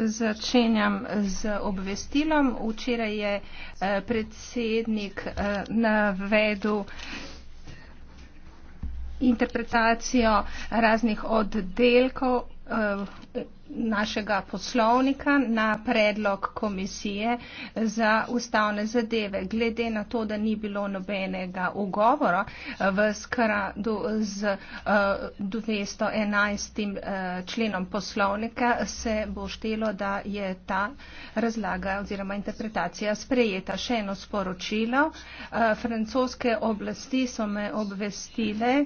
Začenjam z obvestilom. Včeraj je eh, predsednik eh, navedel interpretacijo raznih oddelkov Eh, našega poslovnika na predlog komisije za ustavne zadeve. Glede na to, da ni bilo nobenega ugovora eh, v skradu z 211. Eh, členom poslovnika, se bo štelo, da je ta razlaga oziroma interpretacija sprejeta. Še eno sporočilo. Francoske oblasti so me obvestile,